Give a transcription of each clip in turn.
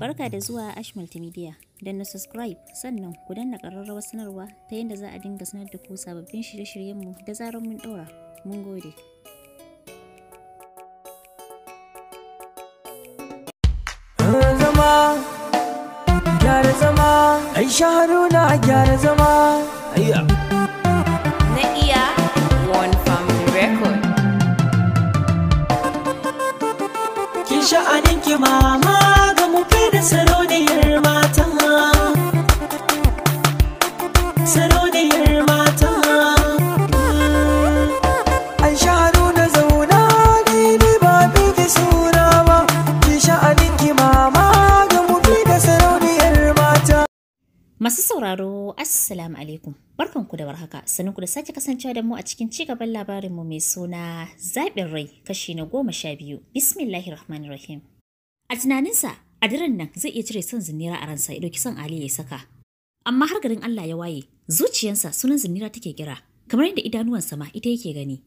Barka da zuwa Ash Multimedia. Don na subscribe sannan ku danna ƙararrawar sanarwa ta yadda za a dinga sanar da ku sababbin shirye-shiryenmu da zarar mun ɗora. Mun gode. Aisha Haruna gyara zama. Na iya One Family Record. Kin sha'anin ki ma. sauraro, Assalamu alaikum. barkan ku da warhaka. ku da sake kasancewa da mu a cikin ci cigaban labarinmu mai suna zaɓin rai kashi na goma sha biyu. Bismillahi Rahmanir Rahim. A tunaninsa, a daren nan zai iya cire son zinira a ransa ya ɗauki son Ali ya saka. Amma har garin Allah ya waye, zuciyarsa sunan zinira take kira, kamar yadda idanuwan sama ita yake gani.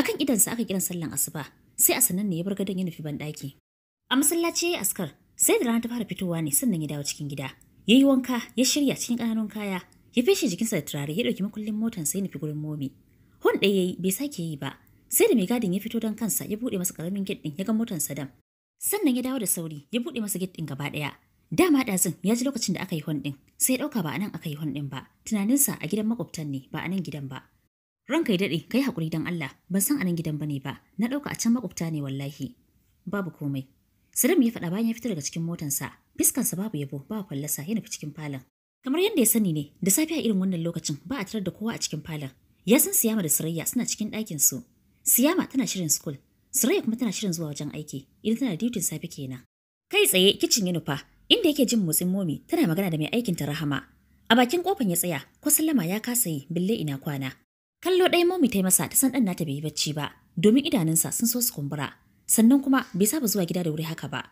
Akan idansa aka kiran sallan asuba, sai a sanan ne ya bar gadon ya nufi banɗaki. A masallaci ya yi askar, sai da rana ta fara fitowa ne sannan ya dawo cikin gida. ya yi wanka ya shirya cikin ƙananun kaya ya feshe jikinsa da turare ya ɗauki makullin motar sai nufi gurin momi hon ɗaya ya yi bai sake yi ba sai da mai gadin ya fito don kansa ya buɗe masa ƙaramin gate ɗin ya ga motar dam sannan ya dawo da sauri ya buɗe masa gate ɗin gaba ɗaya dama ɗazin ya ji lokacin da aka yi hon ɗin sai ya ɗauka ba a nan aka yi hon ɗin ba tunaninsa a gidan makwabtan ne ba a nan gidan ba ranka ya daɗe ka yi haƙuri don Allah ban san a nan gidan bane ba na ɗauka a can makwabta ne wallahi babu komai Salim ya faɗa bayan ya fita daga cikin motansa Fiskansa babu yabo, ba fallasa yana cikin falon. Kamar yadda ya sani ne, da safe a irin wannan lokacin ba a tarar da kowa a cikin falon. Ya san Siyama da Sirayya suna cikin ɗakin su. Siyama tana shirin school, Surayya kuma tana shirin zuwa wajen aiki, idan tana da dutin safe kenan. Kai tsaye kicin ya nufa, inda yake jin motsin momi tana magana da mai aikin Rahama. A bakin kofan ya tsaya, ko sallama ya kasa yi, bille ina kwana. Kallo ɗaya momi ta yi masa ta san ɗan nata bai yi bacci ba, domin idanunsa sun so su kumbura. Sannan kuma bai saba zuwa gida da wuri haka ba.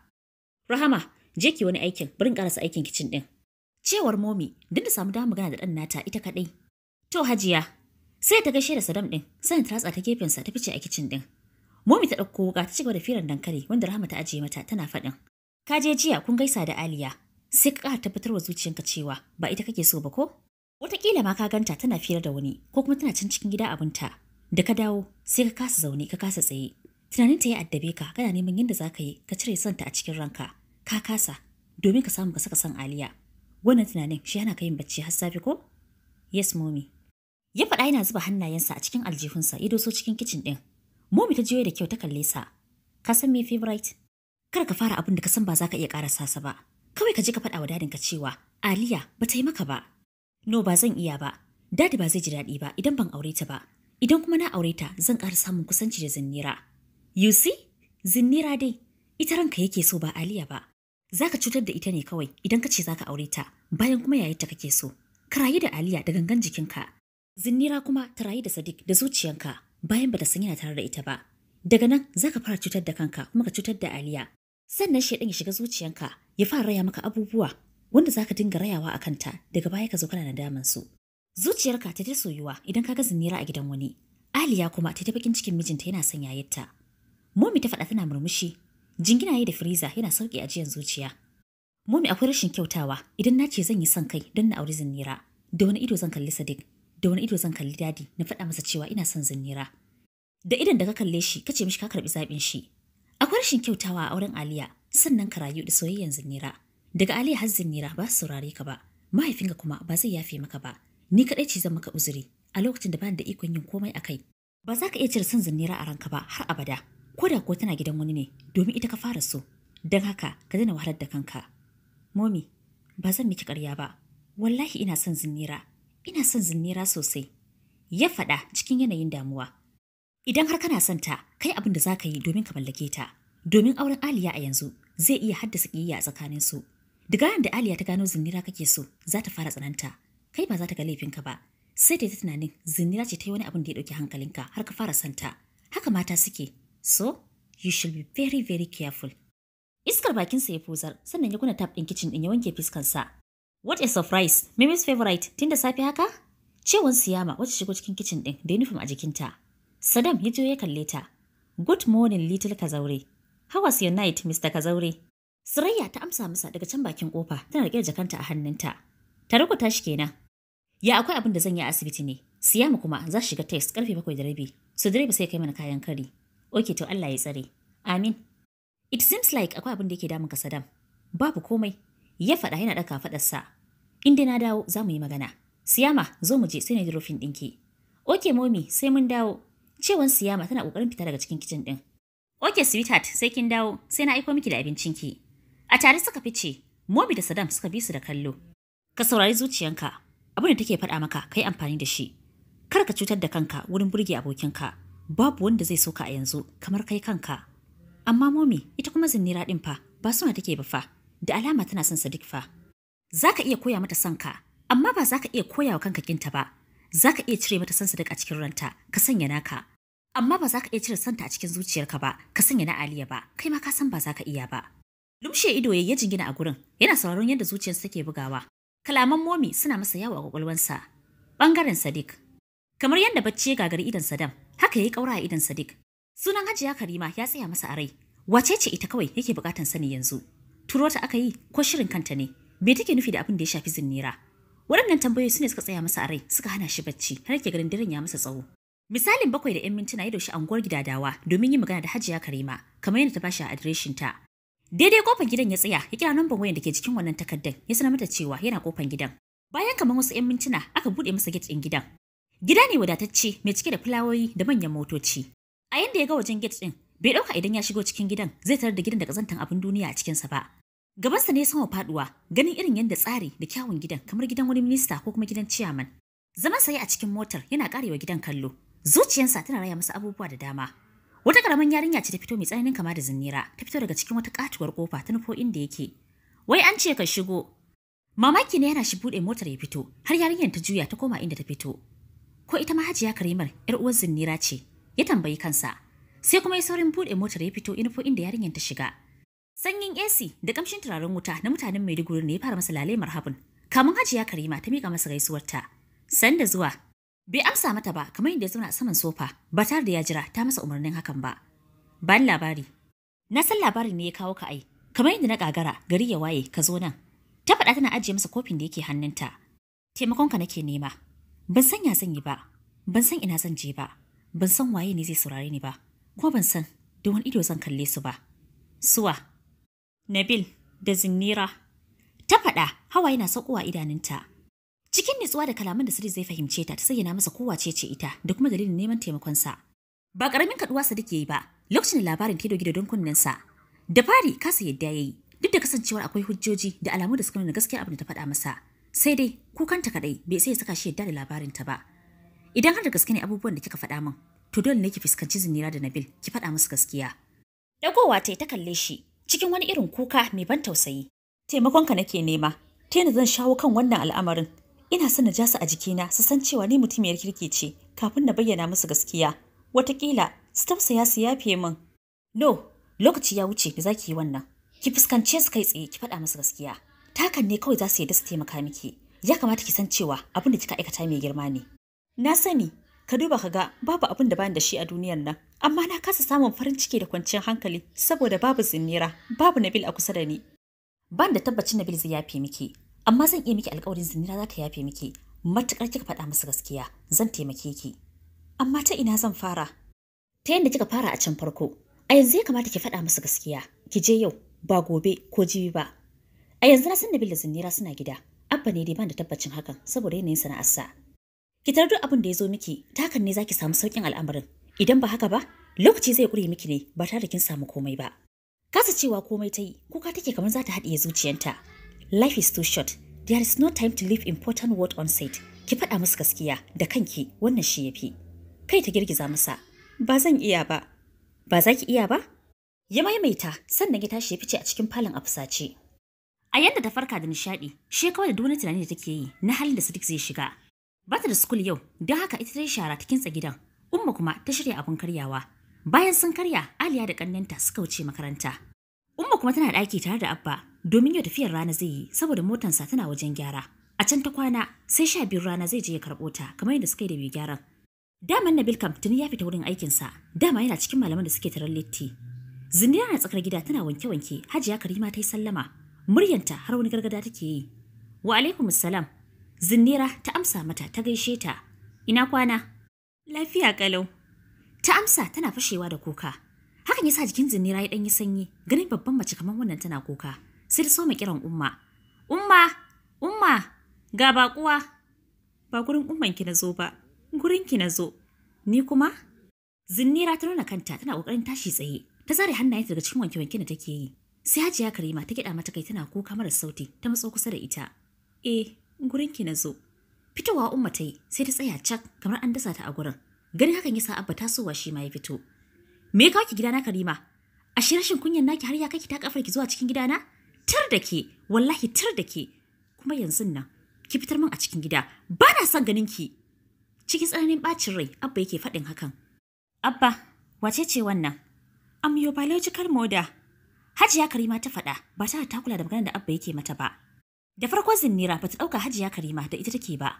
Rahama, je ki wani aikin in karasa aikin kicin din cewar momi duk da samu damu gana da dan nata ita kadai to hajiya sai ta gaishe da sadam din sai ta ratsa ta gefen sa ta fice a kicin din momi ta dauko wuka ta cigaba da firan dankali wanda rahama ta ajiye mata tana faɗin ka je jiya kun gaisa da aliya sai ka tabbatar wa zuciyanka cewa ba ita kake so ba ko Wataƙila ma ka ganta tana firar da wani ko kuma tana cin cikin gida abinta. Da ka dawo sai ka kasa zaune ka kasa tsaye. Tunanin ta ya addabe ka kana neman yadda za ka yi ka cire santa a cikin ranka. ka kasa domin ka samu ka saka son Aliya. Wannan tunanin shi yana kayin bacci har safe ko? Yes, mommy. Ya faɗa yana zuba hannayensa a cikin aljihunsa ya doso cikin kicin ɗin. Mommy ta jiyo da kyau ta kalle sa. Ka san me favorite? Kar ka fara abin da ka san ba za ka iya ƙara sa ba. Kawai ka je ka faɗa wa ka cewa Aliya ba ta yi maka ba. No ba zan iya ba. Dadi ba zai ji daɗi ba idan ban aure ta ba. Idan kuma na aure ta zan ƙara samun kusanci da Zinnira. You see? Zinnira dai ita ranka yake so ba Aliya ba. za ka cutar da ita ne kawai idan ka ce za ka aure ta bayan kuma ta kake so ka rayu da aliya da gangan jikinka zinnira kuma ta rayu da sadiq da zuciyanka bayan bata san yana tare da ita ba daga nan za ka fara cutar da kanka kuma ka cutar da aliya sannan shaidan ya shiga zuciyanka ya fara raya maka abubuwa wanda za ka dinga rayawa a kanta daga baya ka zo kana nadaman su zuciyarka ta ta soyuwa idan ka ga zinnira a gidan wani aliya kuma ta ta bakin cikin mijinta yana son yayarta momi ta faɗa tana murmushi Jingina yi da firiza yana sauƙi ajiyan zuciya. Momi akwai rashin kyautawa idan na ce zan yi son kai don na auri zinnira. Da wani ido zan kalli Sadiq, da wani ido zan kalli dadi na faɗa masa cewa ina son zinnira. Da idan da ka kalle shi ka ce mishi ka karɓi zaɓin shi. Akwai rashin kyautawa a auren Aliya sannan ka rayu da soyayyen zinnira. Daga Aliya har zinnira ba su saurare ka ba. Mahaifinka kuma ba zai yafe maka ba. Ni kaɗai ce zan maka uzuri a lokacin da bani da ikon yin komai a kai. Ba za ka iya cire son zinnira a ranka ba har abada. ko da kuwa tana gidan wani ne domin ita ka fara so don haka ka daina wahalar da kanka momi ba zan miki karya ba wallahi ina son zinnira ina son zinnira sosai ya faɗa cikin yanayin damuwa idan har kana son ta kai abin da za ka yi domin ka mallake ta domin auren aliya a yanzu zai iya haddasa ƙiyayya a tsakanin su daga da aliya ta gano zinnira kake so za ta fara tsananta kai ba za ta ga laifinka ba sai da ta tunanin zinnira ce ta yi wani abin da ya ɗauki hankalinka har ka fara son ta haka mata suke So, you should be very very careful. Iskar bakinsa ya fuzar, sannan ya kuna tap ɗin kicin ɗin ya wanke fiskansa. What a surprise! Mimi's favorite, tun da safe haka? Cewan siyama wacce shigo cikin kicin ɗin da uniform a jikinta. sadam ya ya kalle ta. Good morning little Kazaure. How was your night, Mr. Kazaure? Sirayya ta amsa masa daga can bakin kofa tana riƙe jakanta a hannunta. Ta rukuta shi kenan. Ya akwai abin da zan yi a asibiti ne. Siyama kuma za shiga test karfe bakwai da rabi. So direba sai kai mana kayan kari. Oke to Allah ya tsare. Amin. It seems like akwai abin da yake damun ka Saddam. Babu komai. Ya faɗa yana ɗaka faɗarsa. In dai na dawo za mu yi magana. Siyama zo mu je sai na ji rufin ɗinki. Oke momi sai mun dawo. Cewan Siyama tana ƙoƙarin fita daga cikin kicin ɗin. Oke sweetheart sai kin dawo sai na aiko miki da abincinki. A tare suka fice. Momi da Saddam suka bi su da kallo. Ka saurari zuciyanka. Abin da take faɗa maka kai amfani da shi. Kar ka cutar da kanka wurin burge abokinka. babu wanda zai soka a yanzu kamar kai kanka amma momi ita kuma zinira din fa ba suna take ba fa da alama tana son Sadiq fa za iya koya mata son ka. amma ba za iya koya wa kanka kinta ba zaka iya cire mata son Sadiq a cikin ranta ka sanya naka amma ba za ka iya cire santa a cikin zuciyarka ba ka sanya na Aliya ba kai ma ka san ba za iya ba lumshe ido ya jingina a gurin yana sauraron yadda zuciyarsa take bugawa kalaman momi suna masa yawo a kwakwalwansa bangaren Sadik. kamar yadda bacci ya gagari idan sadam Haka ya yi ƙaura a idan Sadiq. Sunan Hajiya Karima ya tsaya masa a rai. Wace ce ita kawai yake buƙatan sani yanzu? Turo ta aka yi ko shirin kanta ne? Me take nufi da abin da ya shafi zinnira? Waɗannan tambayoyi su ne suka tsaya masa a rai suka hana shi bacci har ke garin daren ya masa tsawo. Misalin bakwai da 'yan mintuna ya doshi anguwar gidadawa domin yin magana da Hajiya Karima kamar yadda ta bashi a adireshin ta. Daidai kofar gidan ya tsaya ya kira namban wayan da ke cikin wannan takardar ya sanar mata cewa yana kofar gidan. Bayan kamar wasu 'yan mintuna aka buɗe masa gate ɗin gidan. Gida ne wadatacce mai cike da fulawoyi da manyan motoci. A yanda ya ga wajen gate ɗin, bai ɗauka idan ya shigo cikin gidan zai tarar da gidan da kazantan abin duniya a cikinsa ba. Gabansa ne sama faɗuwa ganin irin yadda tsari da kyawun gidan kamar gidan wani minista ko kuma gidan ciyaman. Zaman saye a cikin motar yana karewa gidan kallo. Zuciyarsa tana raya masa abubuwa da dama. Wata ƙaramin yarinya ce ta fito mai tsananin kama da zinnira, ta fito daga cikin wata katuwar kofa ta nufo inda yake. Wai an ce ka shigo. Mamaki ne yana shi buɗe motar ya fito, har yarinyar ta juya ta koma inda ta fito. ko ita ma hajiya karimar yar uwar zinira ce ya tambayi kansa sai kuma ya saurin buɗe motar ya fito inufo inda yarinyar ta shiga sanyin AC da kamshin turaren wuta na mutanen Maiduguri ne ya fara masa lalemar habun kamun hajiya karima ta miƙa masa gaisuwarta sanda zuwa bai amsa mata ba kamar yadda ya zauna a saman sofa ba tare da ya jira ta masa umarnin hakan ba ban labari na san labarin ne ya kawo ka ai kamar yadda na gagara gari ya waye ka zo nan ta faɗa tana ajiye masa kofin da yake hannunta taimakonka nake nema Ban san ya zan yi ba, ban san ina zan je ba, ban san waye ne zai saurare ni ba, Ko ban san da wani ido zan kalle su ba. Suwa, Nabil da Zinnira. Ta faɗa hawa yana saukowa idanunta. Cikin nutsuwa da kalaman da sirri zai fahimce ta ta sayyana masa kowa ce ce ita da kuma dalilin neman taimakonsa. Ba karamin kaduwa dake yi ba lokacin labarin ta dogi da don kunnensa. Da fari kasa yadda yayi duk da kasancewar akwai hujjoji da alamu da suka nuna gaskiyar abin da ta faɗa masa. sai dai kukanta kadai bai sai saka shi yadda da labarin ta ba idan har da gaske ne abubuwan da kika faɗa min to dole ne ki fuskanci zinira da nabil ki faɗa musu gaskiya dagowa ta yi ta kalle shi cikin wani irin kuka mai ban tausayi taimakonka nake nema ta zan shawo kan wannan al'amarin ina son na ja su a jikina su san cewa ni mutum yar kirki ce kafin na bayyana musu gaskiya watakila su tausaya su yafe min no lokaci ya wuce ki za ki yi wannan ki fuskance su kai tsaye ki faɗa musu gaskiya takan ne kawai za su yi taimaka miki ya kamata ki san cewa abin da kika aikata mai girma ne na sani ka duba ka ga babu abin da bani da shi a duniyar nan amma na kasa samun farin ciki da kwanciyar hankali saboda babu zinira babu nabil a kusa da ni ban da tabbacin nabil zai yafe miki amma zan iya miki alkawarin zinira za ta yafe miki matukar kika faɗa musu gaskiya zan taimake ki amma ta ina zan fara ta yadda kika fara a can farko a yanzu ya kamata ki faɗa musu gaskiya ki je yau ba gobe ko jibi ba A yanzu na san da da Zinnira suna gida. Abba ne dai ba da tabbacin hakan saboda yanayin sana'arsa. Ki tarar duk abin da ya zo miki, ta hakan ne zaki samu saukin al'amarin. Idan ba haka ba, lokaci zai kure miki ne ba tare da kin samu komai ba. Kasa cewa komai ta yi, kuka take kamar za ta haɗiye zuciyanta. Life is too short. There is no time to leave important word on site. Ki faɗa musu gaskiya da kanki wannan shi yafi. Kai ta girgiza masa. Ba zan iya ba. Ba za ki iya ba? Ya maimaita sannan ya tashi ya fice a cikin falon a fusace. A yadda ta farka da nishaɗi, shi kawai da wani tunani da take yi na halin da Sadiq zai shiga. Ba ta da sukul yau, don haka ita ta yi shara ta kintsa gidan. Umma kuma ta shirya abun karyawa. Bayan sun karya, Aliya da ƙannenta suka wuce makaranta. Umma kuma tana ɗaki tare da Abba domin yau tafiyar rana zai yi saboda motansa tana wajen gyara. A can ta kwana sai sha biyu rana zai je ya karɓo ta kamar yadda suka yi da mai gyaran. Daman Nabil kam tuni ya fita wurin aikinsa, dama yana cikin malaman da suke taron litti. Zindiya na tsakar gida tana wanke-wanke, Hajiya Karima ta yi sallama, muryanta har wani gargada take yi wa alaikum salam zinnira ta amsa mata ta gaishe ta ina kwana lafiya kalau ta amsa tana fashewa da kuka hakan yasa jikin zinnira ya danyi sanyi ganin babban mace kamar wannan tana kuka sai ta soma kiran umma umma umma ga bakuwa ba gurin umman ki nazo ba gurin ki nazo ni kuma zinnira ta nuna kanta tana kokarin tashi tsaye ta zare hannaye-ta daga cikin wanke-wanke da take yi Sai Hajiya Karima ta kiɗa mata kai tana kuka mara sauti ta matso kusa da ita. Eh, gurinki na zo. Fitowa Umma ta yi sai ta tsaya cak kamar an dasa ta a gurin. Ganin hakan yasa Abba ta so shi ma ya fito. Me ya kawo ki gidana Karima? A shi rashin kunyan naki har ya kai ki ta kafar ki zuwa cikin gidana? Tar da ke, wallahi tar da ke. Kuma yanzu nan ki fitar min a cikin gida ba na son ganin ki cikin tsananin bacin rai abba yake faɗin hakan abba wace ce wannan am your biological Hajiya Karima ta faɗa ba ta ta kula da magana da Abba yake mata ba. Da farko zinnira ba ta ɗauka Hajiya Karima da ita take ba.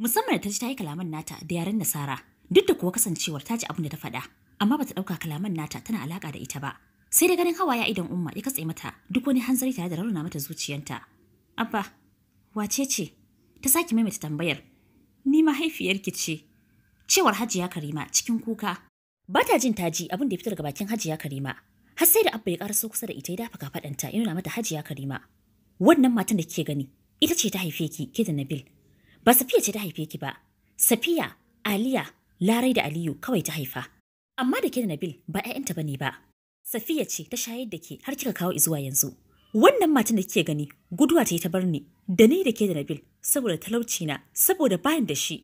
Musamman da ta ji ta yi kalaman nata da yaren Nasara duk da kuwa kasancewar ta ji abin da ta faɗa amma ba ta ɗauka kalaman nata tana alaƙa da ita ba. Sai da ganin ya idan umma ya katse mata duk wani hanzari tare da raunana mata zuciyanta. Abba, wace ce? Ta sake maimaita tambayar. Ni mahaifiyarki ce. Cewar Hajiya Karima cikin kuka. Ba ta jin ji abin da ya fito ga bakin Hajiya Karima. har sai da abba ya karaso kusa da ita ya dafa kafaɗanta ya nuna mata hajiya karima wannan matan da kike gani ita ce ta haife ki ke da nabil ba safiya ce ta haife ki ba safiya aliya larai da aliyu kawai ta haifa amma da ke da nabil ba 'ya'yanta ba ne ba safiya ce ta shayar da ke har kika kawo zuwa yanzu wannan matan da kike gani guduwa ta yi ta bar ni da ni da ke da nabil saboda talauci na saboda bayan da shi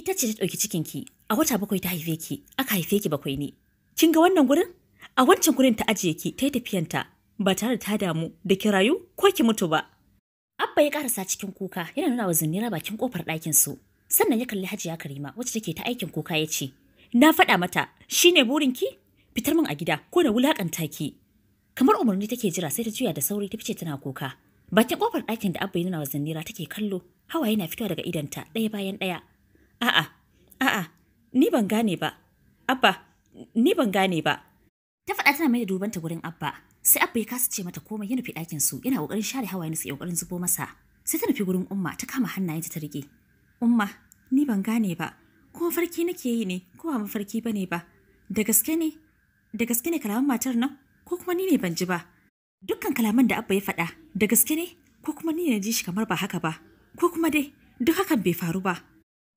ita ce ta ɗauki cikinki a wata bakwai ta haife ki aka haife ki bakwai ne kin ga wannan gurin A wancan gurin ta ajiye ki ta yi tafiyanta ba tare da ta damu da ki rayu ko ki mutu ba. Abba ya karasa cikin kuka yana nuna wa Zunnira bakin kofar ɗakin su. Sannan ya kalli Hajiya Karima wacce take ta aikin kuka ya ce, Na faɗa mata, shine burin ki? Fitar min a gida ko na wulakanta ki. Kamar umarni take jira sai ta juya da sauri ta fice tana kuka. Bakin kofar ɗakin da Abba ya nuna wa Zunnira take kallo, hawa yana fitowa daga idanta ɗaya bayan ɗaya. A'a, a'a, ni ban gane ba. Abba, ni ban gane ba. Ta faɗa tana mai da dubanta gurin Abba. Sai Abba ya kasa ce mata komai ya nufi ɗakin su yana ƙoƙarin share hawaye su ƙoƙarin zubo masa. Sai ta nufi gurin Umma ta kama hannayen ta rike Umma, ni ban gane ba. Ko farki nake yi ne, ko ba mafarki bane ba. Da gaske ne? Da gaske ne kalaman matar nan? Ko kuma ni ne ban ji ba? Dukkan kalaman da Abba ya faɗa, da gaske ne? Ko kuma ni ne ji shi kamar ba haka ba? Ko kuma dai, duk hakan bai faru ba.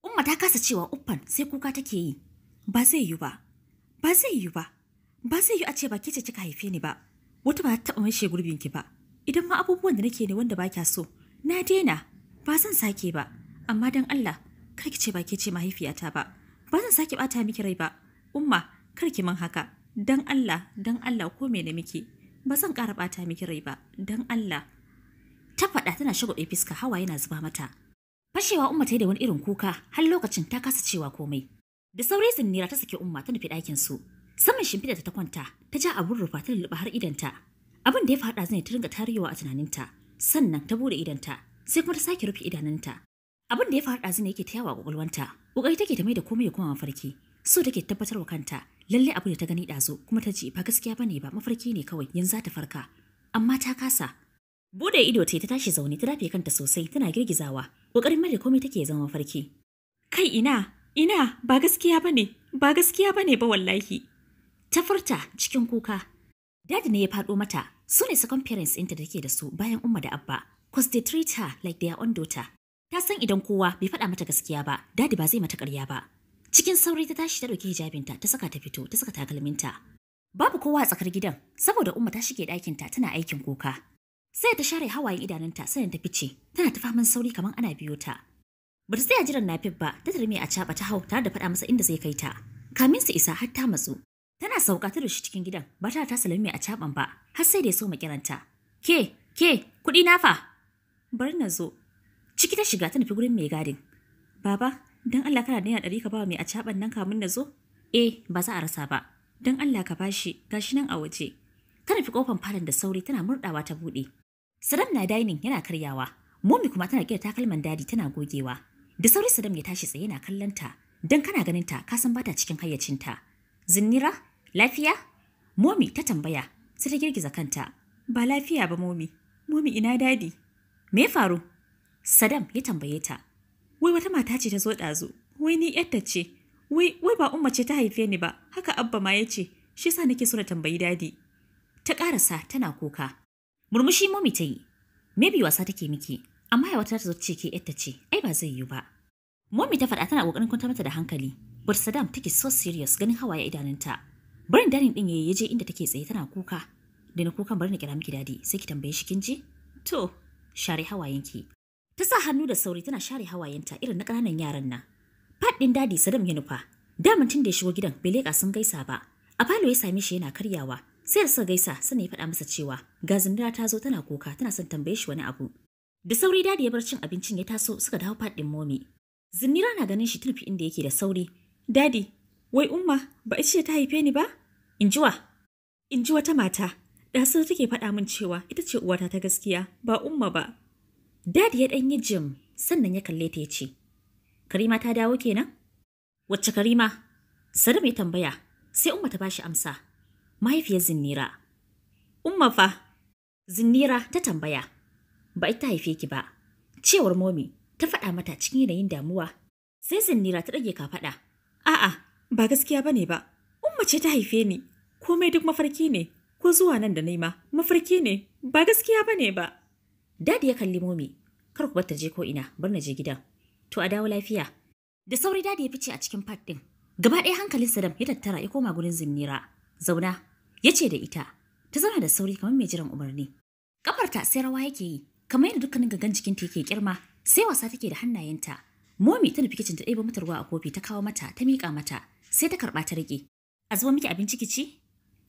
Umma ta kasa cewa uffan sai kuka take yi. Ba zai yi ba. Ba zai yi ba. Ba zai yi a ce ba ke ce kika haife ni ba, wata ba ta taɓa mashe gurbin ki ba. Idan ma abubuwan da nake ne wanda ba kya so, na daina, ba zan sake ba. Amma dan Allah, kar ki ce ba ke ce mahaifiyata ba. Ba zan sake bata miki rai ba. Umma, kar ki man haka. Dan Allah, dan Allah ko me na miki. Ba zan ƙara bata miki rai ba. Dan Allah. Ta faɗa tana shagwaɓe fiska hawa yana zuba mata. Fashewa Umma ta yi da wani irin kuka har lokacin ta kasa cewa komai. Da sauri zinnira ta sake Umma ta nufi ɗakin su. Saman shimfiɗa ta kwanta, ta ja abun rufa ta lulluɓa har idanta. Abin da ya faɗa zai ta ringa tarewa a tunaninta, sannan ta bude idanta, sai kuma ta sake rufe idanunta. Abin da ya faɗa zai yake ta yawa kwakwalwanta. Ƙoƙari take ta mai da komai ya kuma mafarki. So take tabbatar wa kanta, lalle abu da ta gani ɗazu kuma ta ji ba gaskiya bane ba mafarki ne kawai yanzu za ta farka. Amma ta kasa. Bude ido ta ta tashi zaune ta dafe kanta sosai tana girgizawa. Ƙoƙarin mai da komai take zama mafarki. Kai ina, ina ba gaskiya bane, ba gaskiya bane ba wallahi. Ta furta cikin kuka. Dadi ne ya faɗo mata, su ne second parents ɗinta da ke da su bayan Umma da Abba, cause they treat her like their own daughter. Ta san idan kowa bai faɗa mata gaskiya ba, dadi ba zai mata ƙarya ba. Cikin sauri ta tashi ta ɗauki hijabinta, ta saka ta fito, ta saka takalminta. Babu kowa a tsakar gidan, saboda Umma ta shige ɗakinta tana aikin kuka. Sai ta share hawayen idanunta sannan ta fice, tana ta faman sauri kamar ana biyo ta. Ba ta tsaya jiran Nafif ba, ta tarme a caɓa ta hau tare da faɗa masa inda zai kai ta. Kamin su isa har ta matsu, Tana sauka ta shi cikin gidan, ba ta ta salami a caban ba, har sai da ya so makiranta. Ke, ke, kuɗi na fa. Bari na zo. Ciki ta shiga ta nufi gurin mai gadin. Baba, dan Allah kana daina dari ka ba mai a caban nan kamun na zo? Eh, ba za a rasa ba. Dan Allah ka bashi, gashi nan a waje. Ta nufi kofan falon da sauri tana murɗawa ta buɗe. Sadam na dining yana karyawa. Momi kuma tana kira takalman dadi tana gogewa. Da sauri Sadam ya tashi tsaye yana kallon ta. Dan kana ganin ta, ka san bata cikin hayyacinta. Zinnira Lafiya? Momi ta tambaya, sai ta girgiza kanta. Ba lafiya ba Momi, Momi ina dadi. Me faru? Sadam ya tambaye ta. Wai wata mata ce ta zo ɗazu, wai ni yadda ce, wai ba umma ce ta haife ni ba, haka abba ma ya ce, shi sa nake so na tambayi dadi. Ta ƙarasa tana kuka. Murmushi Momi ta yi, Me bi wasa take miki, amma ya wata ta zo ce ke yadda ce, ai ba zai yiwu ba. Momi ta faɗa tana ƙoƙarin kwantar mata da hankali, but Sadam take so serious ganin hawaye idanunta. barin dadin din ya je inda take tsaye tana kuka da na kukan bari na kira miki dadi sai ki tambaye shi kin ji to share hawayenki ta sa hannu da sauri tana share hawayenta irin na kananan yaran nan din dadi sadam ya nufa daman tun da ya shigo gidan bai leka sun gaisa ba a falo ya same shi yana karyawa sai da suka gaisa sannan ya faɗa masa cewa ga zindira ta zo tana kuka tana son tambaye shi wani abu da sauri dadi ya bar cin abincin ya taso suka dawo faɗin momi Zinira na ganin shi tulfi inda yake da sauri dadi Wai umma, ba ce ta haife ni ba? In ji In ji wata mata, da ɗasar take faɗa min cewa ita ce uwata ta gaskiya, ba umma ba. Dadi ya ɗan yi jim, sannan ya kalle ta ya ce, Karima ta dawo kenan? Wacce Karima? Salim mai tambaya, sai umma ta bashi amsa. Mahaifiyar Zinnira. Umma fa, Zinnira ta tambaya, ba ita haife ki ba. Cewar momi ta faɗa mata cikin yanayin damuwa. Sai Zinnira ta ɗage kafaɗa. A'a, Ba gaskiya ba ne ba, umma ce ta haife ni, komai duk mafarki ne, ko zuwa nan da nema, mafarki ne, ba gaskiya ba ne ba. Dadi ya kalli momi, kar ku ta je ko ina, bar na je gidan. To a dawo lafiya. Da sauri dadi ya fice a cikin fat ɗin. Gaba ɗaya hankalin Saddam ya tattara ya koma gurin zinnira. Zauna, ya ce da ita, ta zauna da sauri kamar mai jiran umarni. Kafarta sai rawa yake yi, kamar yadda dukkanin gangan jikinta yake kirma, sai wasa take da hannayenta. Momi ta nufi kicin ta ɗeba mata ruwa a kofi ta kawo mata, ta miƙa mata. sai ta karɓa ta rage. A zuwa miki abinci ki ci?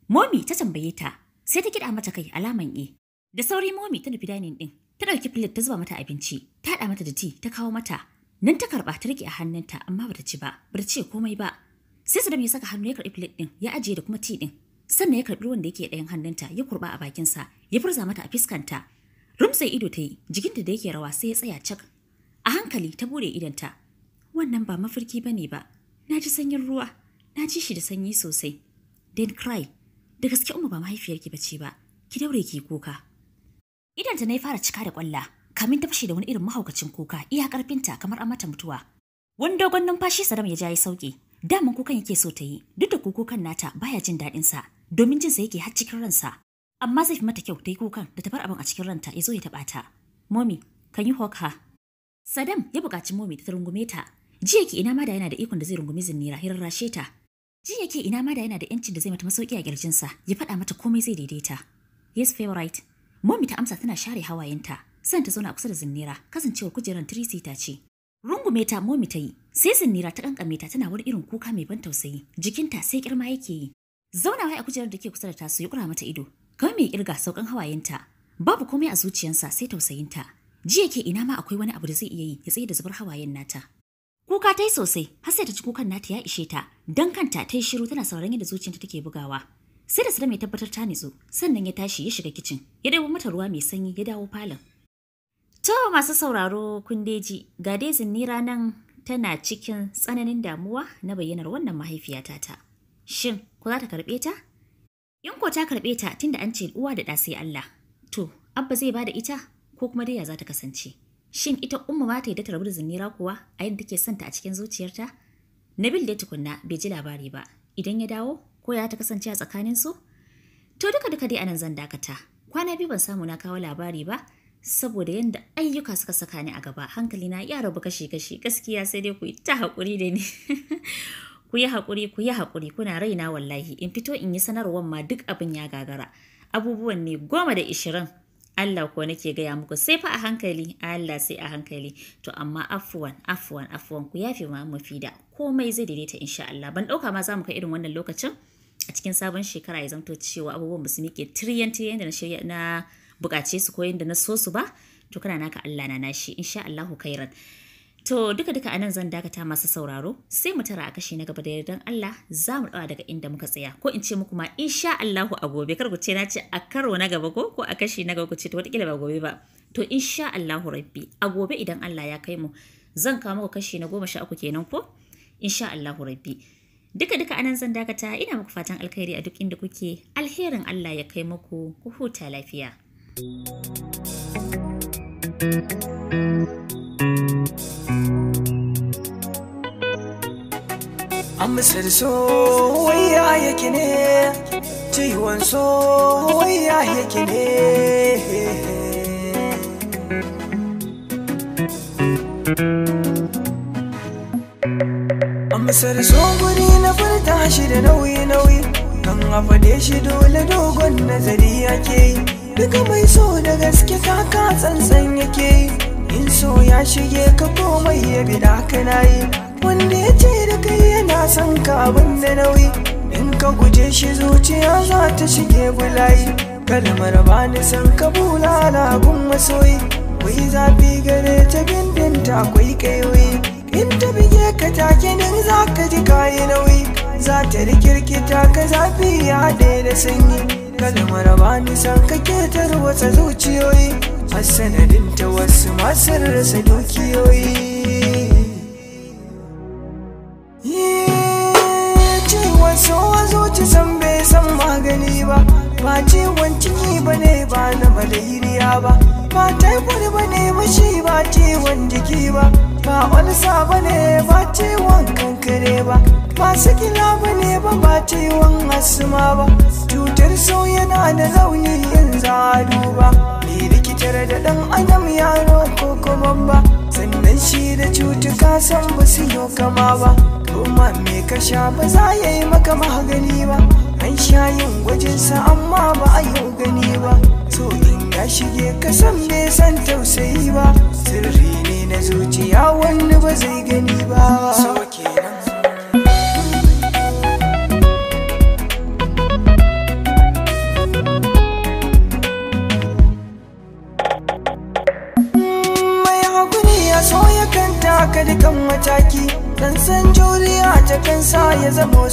Momi ta tambaye ta, sai ta kiɗa mata kai alaman e. Da sauri momi ta nufi dining ɗin, ta ɗauki plate ta zuba mata abinci, ta haɗa mata da ti ta kawo mata. Nan ta karɓa ta rike a hannunta amma bata ci ba, bata ce komai ba. Sai Sadam ya saka hannu ya karɓi plate ɗin, ya ajiye da kuma ti ɗin. Sannan ya karɓi wanda yake ɗayan hannunta, ya kurɓa a bakinsa, ya furza mata a fiskanta. Rumsai ido ta yi, jikinta da yake rawa sai ya tsaya cak. A hankali ta bude idanta. Wannan ba mafarki bane ba, na ji sanyin ruwa na ji shi da sanyi sosai dan cry da gaske umma ba mahaifiyarki bace ba ki daure ki kuka idan ta na fara cika da kwalla kamin ta fashe da wani irin mahaukacin kuka iya karfinta kamar an mata mutuwa wani dogon numfashi sadam ya ja yi sauke daman kukan yake so ta yi duk da kukan nata baya jin daɗin sa domin jin sa yake har cikin ransa amma zai fi mata kyau ta yi kukan da ta bar abin a cikin ranta ya zo ya taɓa ta momi kan yi hok ha sadam ya buƙaci momi ta rungume ta Ji yake ina ma da yana da ikon da zai rungumi zinira hirar rashe ta. Ji yake ina ma da yana da yancin da zai mata masauki a kirjinsa, ya faɗa mata komai zai daidaita. Yes favorite. Mommy ta amsa tana share hawayenta. San ta zauna kusa da zinnira, kasancewar kujerar Tracy ta ce. Rungume ta Mommy ta yi. Sai zinnira ta kankame ta tana wani irin kuka mai ban tausayi. Jikinta sai kirma yake yi. Zaunawa a kujerar da ke kusa da tasu ya kura mata ido. Kawai mai kirga saukan hawayenta. Babu komai a zuciyarsa sai tausayinta. Ji yake ina ma akwai wani abu da zai iya yi ya tsaye da zubar hawayen nata. Kuka ta yi sosai, har sai ta ci kukan nata ya ishe ta, don kanta ta yi shiru tana sauran yadda zuciyarta take bugawa. Sai da Saddam ya tabbatar ta nitsu, sannan ya tashi ya shiga kicin, ya ɗebo mata ruwa mai sanyi ya dawo falon. To masu sauraro kun deji, ga dai zinni ranan tana cikin tsananin damuwa na bayyanar wannan mahaifiyata ta. Shin, ku za ta karɓe ta? In ko ta karɓe ta tunda an ce uwa da ɗa sai Allah. To, Abba zai ba da ita ko kuma dai ya za ta kasance? Shin ita Umma ma ta yi da rabu da Zinira kuwa a yadda ke santa a cikin zuciyarta? Nabil dai tukunna bai ji labari ba. Idan ya dawo, ko ya ta kasance a tsakanin su? To duka duka dai anan zan dakata. Kwana biyu ban samu na kawo labari ba saboda yadda ayyuka suka saka ni a gaba hankali na ya rabu kashi kashi gaskiya sai dai ku yi ta haƙuri da ni. ku yi haƙuri ku yi haƙuri kuna raina wallahi in fito in yi sanarwar ma duk abin ya gagara. Abubuwan ne goma da ishirin Allah ko nake gaya muku sai fa a hankali Allah sai a hankali to amma afwan afwan afwan ku yafi ma mafi da komai zai daidaita insha Allah ban dauka ma zamu kai irin wannan lokacin a cikin sabon shekara ya zanto cewa abubuwan ba su miƙe tiriyan tiriyan da na shirya na bukace su ko yanda na so su ba to kana naka Allah na nashi insha Allah khairan To duka duka anan zan dakata masu sauraro sai mu tara a kashi na gaba da yardan Allah za mu dawa daga inda muka tsaya ko in ce muku ma insha Allah a gobe kar ku ce na ce a karo na gaba ko ko a kashi na gaba ku ce to wataƙila ba gobe ba to insha Allah rabbi a gobe idan Allah ya kai mu zan kawo muku kashi na goma sha uku kenan ko insha Allah rabbi duka duka anan zan dakata ina muku fatan alkhairi a duk inda kuke alherin Allah ya kai muku ku huta lafiya. amsar so ya yake ne ciwon so ya yake ne amsar so guri na furta shi da nauyi-nauyi kan hafade shi dole dogon nazari yake yi duka mai so da gaske kaka tsantsan yake yi in so ya shige ka komai ya bi da ka nayi wanda ya ce da kai yana son ka abin nauyi in ka guje shi zuciya za ta shige bulayi kalmar ba ni san ka bula gun masoyi wai zafi gare ta gindin ta akwai kaiwai in ta bige ka take nan za ka ji kayi nauyi za ta rikirkita ka zafi ya da sanyi kalmar ba ni san ka ketar wasa zuciyoyi a sanadin ta wasu masu rasa dukiyoyi ciwon bai san magani ba ba ciwon ciki ba ne ba na malayiriya ba ba taifuri ba ne mashi ba ciwon jiki ba ba olsa ba ne ba ciwon kankare ba ba sikila ba ne ba ba ciwon asma ba cutar so yana da launi yin za duba tare da ɗan adam yaro ko kuma ba sannan shi da cutuka san ba su yi kama ba kuma me ka sha ba za ya yi maka magani ba an sha yin gwajinsa amma ba a yi gani ba so in ya shige ka san bai san tausayi ba sirri ne na zuciya wanda ba zai gani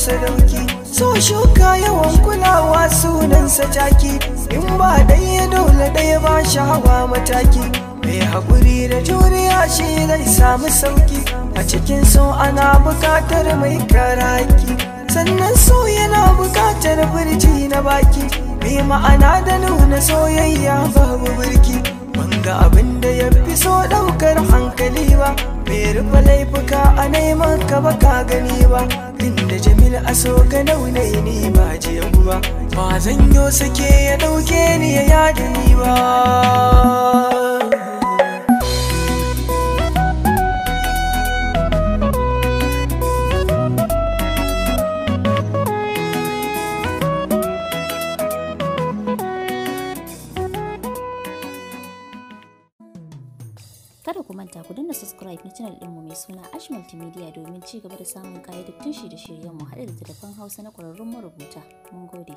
sadauki so shuka yawan kulawa sunansa jaki in ba ya dole daya ba hawa mataki mai haƙuri da juriya shi zai samu sauki a cikin so ana buƙatar mai karaki sannan so yana buƙatar birji na baki mai ma'ana da nuna soyayya babu birki banga abin da ya fi so ɗaukar hankali ba bai rufe laifuka a neman ka baka gani ba da jamil aso ga naune ni ba jiya ba ba zan yo sake ya dauke ni ya yada ni ba subscribe na channel ɗinmu mai suna Ash Multimedia domin ci gaba da samun ƙayatattun shirye-shiryenmu mu da tattafan Hausa na ƙwararrun marubuta. Mun gode.